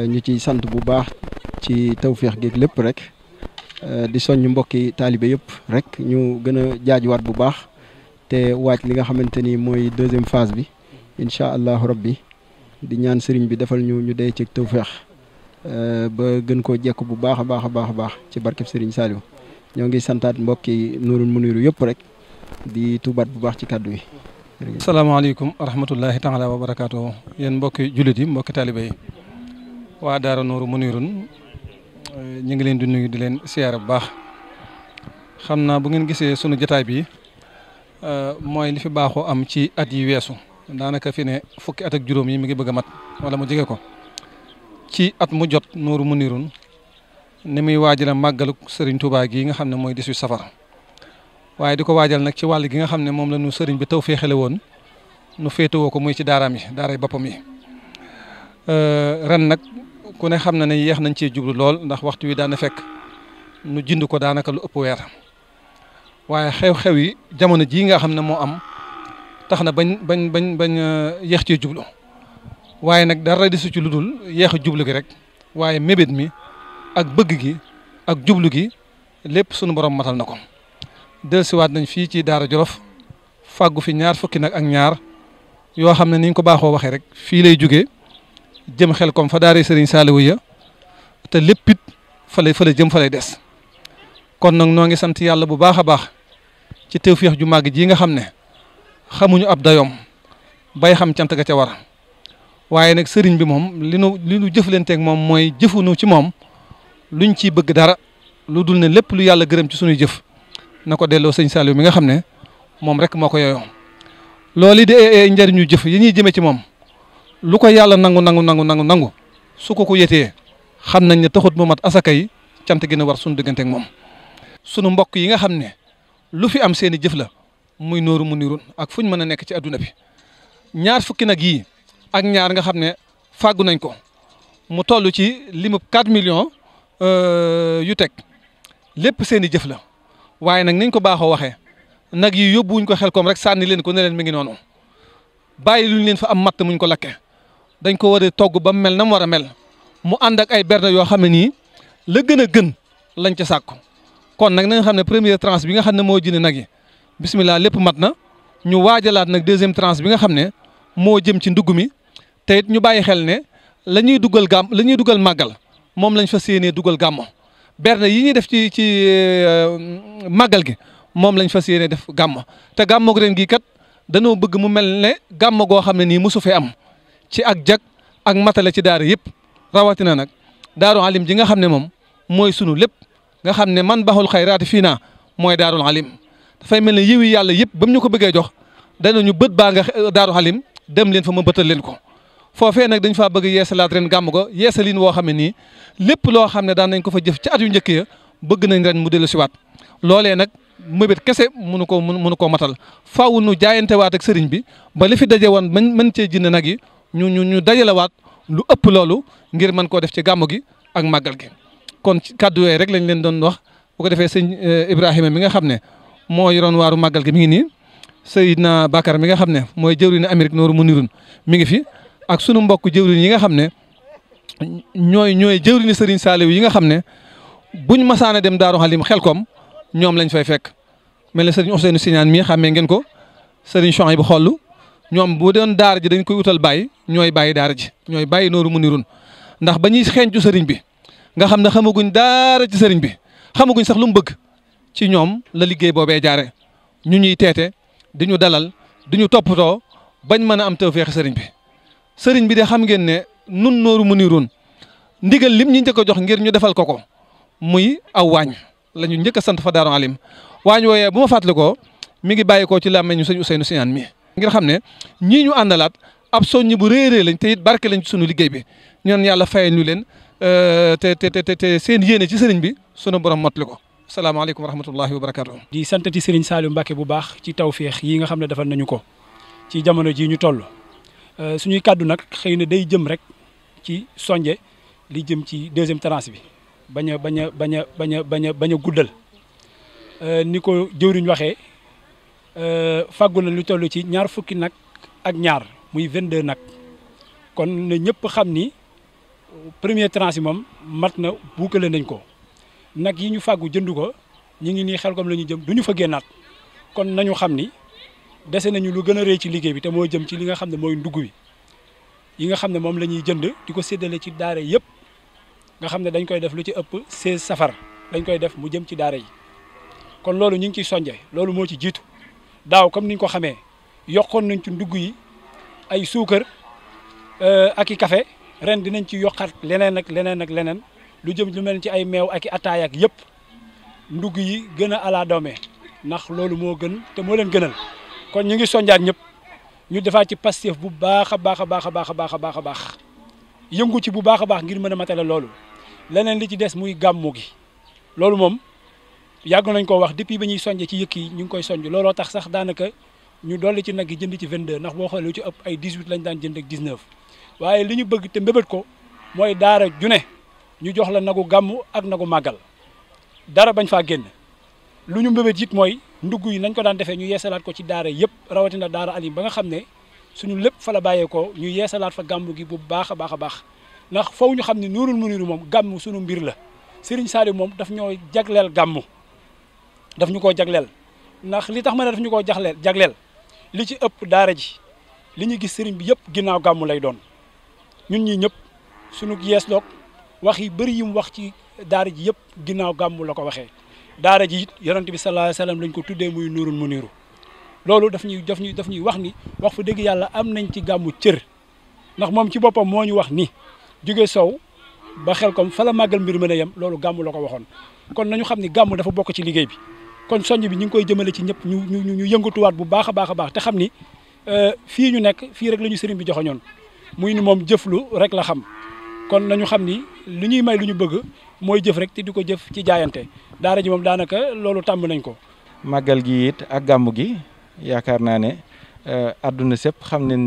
Euh, ñu ci sant bu baax ci tawféex geeg lépp rek euh, di soññ mbokki taalibe yëpp rek ñu gën a jaajuwaat bu baax te waaj li nga xamante ni mooy deuxième phase bi incha allahu rabbi di ñaan sëriñ bi defal ñu ñu dee ci tawféex euh, ba gën ko jekk bu baax a baax a baax a ci barkeb sëriñ Saliou ñoo ngi santaat mbokki Nuurul Muniiru yëpp rek di tuubaat bu baax ci kàddu yi. salaamaaleykum wa rahmatullahi taala wa barakaatu yéen mbokki jullit yi mbokki taalibe waa Daara Nuuru Munirun euh, ñu ngi leen di nuyu di leen siyaare bu baax xam naa bu ngeen gisee sunu jotaay bi euh, mooy li fi baaxoo am ci at yi weesu daanaka fi ne fukki at ak juróom yi mi ngi bëgg a mat wala mu jege ko ci at mu jot Nuuru Munirun ni muy waajal màggalu sëriñ Touba gi nga xam ne mooy 18 safar waaye di ko waajal nag ci wàll gi nga xam ne moom la sëriñ bi taw féexale woon nu féetewoo ko muy ci daaraam yi daaray boppam yi euh, ren nag. ku ne xam na ne yéex nañ cee jublu lool ndax waxtu wi daana fekk nu jind ko daanaka lu ëpp weer waaye xew-xew yi jamono jii nga xam ne moo am tax na bañ bañ bañ bañ euh, yéex cee jublu waaye nag dara su ci lu dul yéex a jublu gi rek waaye mébét mi ak bëgg gi ak jublu gi lépp sunu borom matal na ko dellusiwaat nañ fii ci Daara Jolof fàggu fi ñaar fukki nag ak ñaar yoo xam ne niñ ko baaxoo waxee rek fii lay jóge jëm xel kom fa daaree Serigne Saliou ya te lépp it fa lay fa la jëm fa lay des kon nag noo ngi sant yàlla bu baax a baax ci tawféex ju màgg ji nga xam ne xamuñu ab dayoom bay xam cant ga ca war waaye nag sëriñ bi moom li nu li nu jëflanteeg moom mooy jëfunu ci moom luñ ci bëgg dara lu dul ne lépp lu yàlla gërëm ci sunuy jëf na ko delloo sëñ Saliou bi nga xam ne moom rek moo ko yooyoo loolu di njariñu jëf yi ñuy jëmee ci moom. lu ko yàlla nangu nangu nangu nangu nangu su ko ko yëtee xam nañ ne taxut mu mat asaka yi cant gi ne war suñu diggante ak moom sunu mbokk yi nga xam ne lu fi am seen i jëf la muy nooru mu niirun ak fuñ mën a nekk ci adduna bi ñaar fukki nag yi ak ñaar nga xam ne fàggu nañ ko mu toll ci limub 4 millions euh, yu teg lépp seen i jëf la waaye nag niñ ko baaxoo waxee nag yi yóbbuwuñ ko xel koom rek sànni leen ko ne leen mi ngi noonu bàyyi luñ leen fa am matt muñ ko lakke dañ ko war togg ba mu mel na mu war a mel mu ànd ak ay berne yoo xam ne nii la gën a gën lañ ca sàkku kon nag na xam ne premier tranche bi nga xam ne moo jënd nag yi lépp mat na ñu waajalaat nag deuxième tranche bi nga xam ne moo jëm ci ndugg mi te it ñu bàyyi xel ne la ñuy dugal gàmm la ñuy dugal màggal moom lañ fa yéenee dugal gàmmo berne yi ñuy def ci ci euh, màggal gi moom lañ fas yéenee def gàmmo te gàmmoog ren gii kat danoo bëgg mu mel ne gàmm goo xam ne nii mosu fee am. ci ak jag ak matale ci daara yëpp rawatina nag daaru alim ji nga xam ne moom mooy sunu lépp nga xam ne man baxul xayraati fii naa mooy daarul alim dafay mel ne yiwi yàlla yëpp ba mu ñu ko bëggee jox danañu bët baa nga daaru alim dem leen fa ma bëtal leen ko foofee nag dañ faa bëgg yeesalaat ren gàmmu ko yeesalin woo xam ne nii lépp loo xam ne daan nañ ko fa jëf ci at yu njëkk ya bëgg nañ ren mu dellu siwaat loolee nag mëbét kese munu ko munu koo matal faaw nu jaayantewaat ak sëriñ bi ba li fi daje woon mën mën cee jënd nag yi ñu ñu dajalewaat lu ëpp loolu ngir mën koo def ci gàmmu gi ak màggal gi kon ci kàddu yooyu rek lañ leen doon wax bu ko defee sëñ eh, Ibrahima mi nga xam ne moo yoroon waaru màggal gi mi ngi nii Seydina Bakar mi nga xam ne mooy jëwriñu Amérique nooru mu nirun mi ngi fi ak sunu mbokk jëwriñ yi nga xam ne ñooy ñooy jëwriñu Serigne Saliou yi nga xam ne buñ masaana dem Daaru xel koom ñoom lañ fay fekk mel ne Serigne Ousseynou Signane mii xàmmee ngeen ko Serigne Chouaïbou bu xollu ñoom bu doon daara ji dañ koy utal bàyyi ñooy bàyyi daara ji ñooy bàyyi nooru mu nirun ndax ba ñuy xeeñcu sëriñ bi nga xam ne xamaguñ daara ci sëriñ bi xamaguñ sax lu mu bëgg ci ñoom la liggéey boobee jaare ñu ñuy teete di ñu dalal di ñu toppatoo bañ mën a am tawféex sëriñ bi sëriñ bi de xam ngeen ne nun nooru mu nirun ndigal lim ñu njëkk a jox ngir ñu defal ko ko muy aw waañ lañu njëkk sant fa daaru alim waañ wooyee bu ma fàttalikoo mi ngi bàyyi ko ci làmmeñu sëñ Ousseynou Siñaan mi ngir xam ne ñii ñu àndalaat ab soññi bu réerée lañ te it barke lañ ci sunu liggéey bi ñaan yàlla fayal nu leen euh, te te seen yéene ci sëriñ bi sunu borom motli ko salaamaaleykum wa rahmatullahi wa barakaatu. di santati sëriñ saalu Mbacke bu baax ci tawféex yi nga xam ne defal nañu ko ci jamono jii ñu toll euh, suñuy kàddu nag xëy na day jëm rek ci sonje li jëm ci deuxième tranche bi bañ a bañ a bañ a bañ a bañ a guddal euh, ni ko jëwriñ waxee Euh, fàggu na lu toll ci ñaar fukki nag ak ñaar muy 22 nag kon ne ñëpp xam ni premier tranche yi moom mat na buukale nañ ko nag yi ñu fàggu jënd ko ñu ngi nii xel kom la ñu jëm du ñu fa génnaat kon nañu xam ni dese nañu lu gën a rëy ci liggéey bi te moo jëm ci li nga xam ne mooy ndugg wi yi nga xam ne moom la ñuy jënd di ko séddale ci daare yëpp nga xam ne dañ koy def lu ci ëpp 16 safar dañ koy def mu jëm ci daare yi kon loolu ñu ngi ciy sonje loolu moo ci jiitu daaw comme ni ñu ko xamee yokkoon nañ ci ndugg yi ay suukar euh, ak i café ren dinañ ci yokkaat leneen ak leneen ak leneen lu jëm lu mel ci ay meew aki i ataay ak yëpp ndugg yi gën a ala doome ndax loolu moo gën te moo leen gënal kon ñu ngi sonjaat ñëpp ñu defaat ci Pastef bu baax a baax a baax a baax a baax a baax a baax yëngu ci bu baax a baax ngir mën a matale loolu leneen li ci des muy gàmmu gi loolu moom yàgg nañ ko wax depuis ba ñuy sonjee ci yëkk yi ñu ngi koy sonj looloo tax sax daanaka ñu dolli ci nag yi jënd ci 22 ndax boo xoolee lu ci ëpp ay 18 lañ daan jënd ak 19 waaye li ñu bëgg te mbébét ko mooy daara june ñu jox la nagu gàmmu ak nagu màggal dara bañ faa génn lu ñu mbébét it mooy ndugg yi nañ ko daan defee ñu yeesalaat ko ci daara yëpp rawatina daara alim ba nga xam ne suñu lépp fa la bàyyeekoo ñu yeesalaat fa gàmm gi bu baax baax a baax ndax faw ñu xam ne nuurul muniru moom gàmm suñu mbir la Serigne Saliou moom daf ñoo jagleel gàmm daf ñu ko jagleel ndax li tax ma ne daf ñu ko jagleel jagleel li ci ëpp daara ji li ñu gis sëriñ bi yëpp ginnaaw gàmmu lay doon ñun ñi ñëpp sunu yees loog wax yi bëri yi mu wax ci daara ji yëpp ginnaaw gàmmu la ko waxee daara ji it yonent bi sallallahu alayhi wasallam lañ ko tuddee muy nuurul mu niiru loolu daf ñuy daf ñuy daf ñuy wax ni wax fa dëgg yàlla am nañ ci gàmmu cër ndax moom ci boppam moo ñu wax ni jóge sow ba xel kom fa la màggal mbir mën a yem loolu gàmmu la ko waxoon kon nañu xam ni gàmmu dafa bokk ci liggéey bi kon soññ bi ñu ngi koy jëmale ci ñëpp ñu ñu ñu yëngatuwaat bu baax a baax te xam ni euh, fii ñu nekk fii rek lañu ñu sëriñ bi joxoñoon muy ni moom jëflu rek la xam kon nañu xam ni li ñuy may lu ñu bëgg mooy jëf rek te di ko jëf ci jaayante daara ji moom daanaka loolu tàmm nañ ko. màggal gi it ak gàmmu gi yaakaar naa ne euh, àdduna sépp xam nañ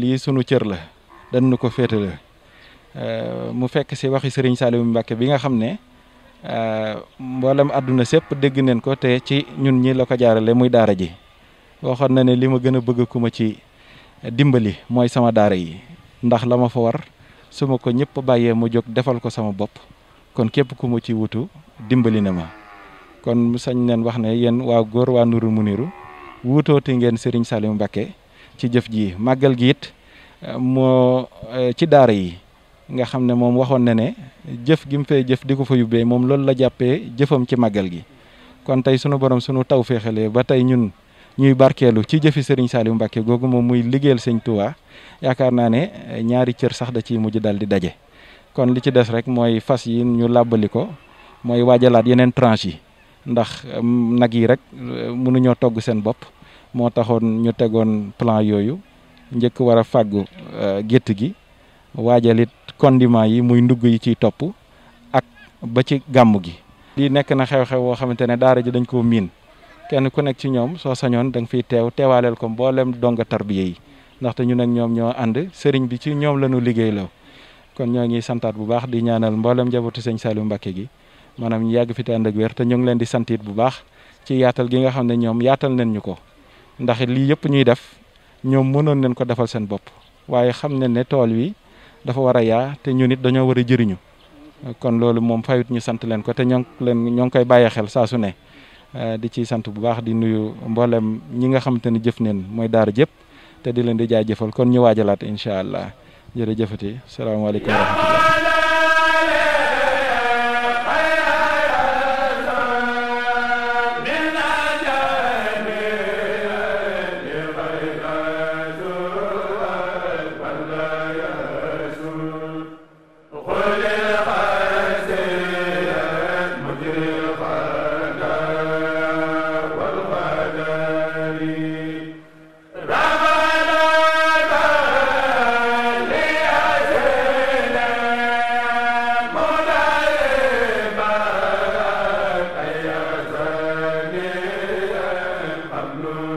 lii sunu cër la dañ nu ko féetale euh, mu fekk si waxi sëriñ Saliou Mbacke bi nga xam ne. Euh, mboolem àdduna sépp dégg neen ko te ci ñun ñi la ko jaarale muy daara ji waxoon na ne li ma gën a bëgg ku ma ci dimbali mooy sama daara yi ndax la ma fa war su ko ñëpp bàyyee mu jóg defal ko sama bopp kon képp ku ma ci wutu dimbali na ma kon sañ neen wax ne yéen waa góor waa nuru muniru wuutooti ngeen Serigne Saliou Mbacké ci jëf ji màggal gi it euh, moo euh, ci daara yi nga xam ne moom waxoon na ne jëf gi mu fee jëf di ko fa yóbbee moom loolu la jàppee jëfam ci màggal gi kon tey sunu borom sunu taw féexalee ba tey ñun ñuy barkeelu ci jëfi Serigne Saliou Mbacke googu moom muy liggéeyal Serigne Touba yaakaar naa ne eh, ñaari cër sax da ciy mujj dal di daje kon li ci des rek mooy fas yi ñu làbbali ko mooy waajalaat yeneen tranche yi ndax mm, nag yi rek eh, mënuñoo togg seen bopp moo taxoon ñu tegoon plan yooyu njëkk war a fàggu eh, gétt gi waajalit condiment yi muy ndugg yi ciy topp ak ba ci gàmm gi. lii nekk na xew-xew woo xamante ne daara ji dañ koo miin kenn ku nekk ci ñoom soo sañoon da nga teew teewaaleel ko mboolem donga tarbiya yi ndaxte ñu nag ñoom ñoo ànd sëriñ bi ci ñoom la ñu liggéey law kon ñoo ngi santaat bu baax di ñaanal mboolem njabootu sëñ Saliou Mbacké gi maanaam ñu yàgg fi te ànd ak wér te ñu ngi leen di santit bu baax ci yaatal gi nga xam ne ñoom yaatal nañ ñu ko ndax lii yëpp ñuy def ñoom mënoon nañ ko defal seen bopp waaye xam nañ dafa war a yaa te ñun it dañoo war a jëriñu kon loolu moom fayut ñu sant leen ko ñoŋ leen ñoo ngi koy bàyyee xel saa su ne eh, di ciy sant bu baax di nuyu mboolem ñi nga xamante ne jëf neen mooy daar jëpp te di leen di jaajëfal kon ñu waajalaat incha allah jërëjëfati salaamaaleykum wa rahmatulah Amen